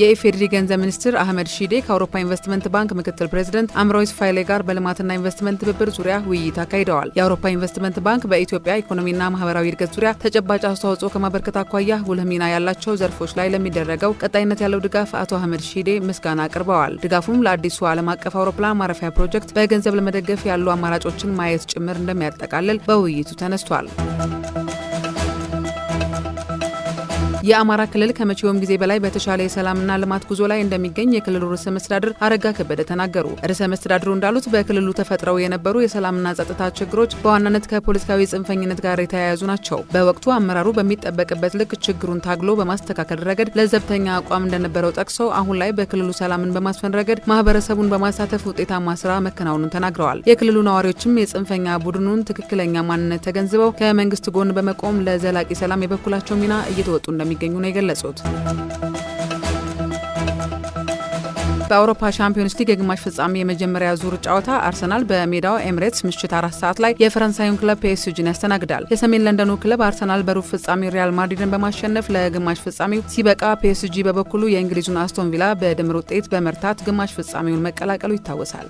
የኢፌዴሪ ገንዘብ ሚኒስትር አህመድ ሺዴ ከአውሮፓ ኢንቨስትመንት ባንክ ምክትል ፕሬዚደንት አምሮይስ ፋይሌ ጋር በልማትና ኢንቨስትመንት ትብብር ዙሪያ ውይይት አካሂደዋል። የአውሮፓ ኢንቨስትመንት ባንክ በኢትዮጵያ ኢኮኖሚና ማህበራዊ እድገት ዙሪያ ተጨባጭ አስተዋጽኦ ከማበርከት አኳያ ጉልህ ሚና ያላቸው ዘርፎች ላይ ለሚደረገው ቀጣይነት ያለው ድጋፍ አቶ አህመድ ሺዴ ምስጋና አቅርበዋል። ድጋፉም ለአዲሱ ዓለም አቀፍ አውሮፕላን ማረፊያ ፕሮጀክት በገንዘብ ለመደገፍ ያሉ አማራጮችን ማየት ጭምር እንደሚያጠቃልል በውይይቱ ተነስቷል። የአማራ ክልል ከመቼውም ጊዜ በላይ በተሻለ የሰላምና ልማት ጉዞ ላይ እንደሚገኝ የክልሉ ርዕሰ መስተዳድር አረጋ ከበደ ተናገሩ። ርዕሰ መስተዳድሩ እንዳሉት በክልሉ ተፈጥረው የነበሩ የሰላምና ጸጥታ ችግሮች በዋናነት ከፖለቲካዊ ጽንፈኝነት ጋር የተያያዙ ናቸው። በወቅቱ አመራሩ በሚጠበቅበት ልክ ችግሩን ታግሎ በማስተካከል ረገድ ለዘብተኛ አቋም እንደነበረው ጠቅሰው አሁን ላይ በክልሉ ሰላምን በማስፈን ረገድ ማህበረሰቡን በማሳተፍ ውጤታማ ስራ መከናወኑን ተናግረዋል። የክልሉ ነዋሪዎችም የጽንፈኛ ቡድኑን ትክክለኛ ማንነት ተገንዝበው ከመንግስት ጎን በመቆም ለዘላቂ ሰላም የበኩላቸው ሚና እየተወጡ እንደሚ እንደሚገኙ ነው የገለጹት። በአውሮፓ ሻምፒዮንስ ሊግ የግማሽ ፍጻሜ የመጀመሪያ ዙር ጨዋታ አርሰናል በሜዳው ኤምሬትስ ምሽት አራት ሰዓት ላይ የፈረንሳዩን ክለብ ፒኤስጂን ያስተናግዳል። የሰሜን ለንደኑ ክለብ አርሰናል በሩብ ፍጻሜ ሪያል ማድሪድን በማሸነፍ ለግማሽ ፍጻሜው ሲበቃ፣ ፒኤስጂ በበኩሉ የእንግሊዙን አስቶን ቪላ በድምር ውጤት በመርታት ግማሽ ፍጻሜውን መቀላቀሉ ይታወሳል።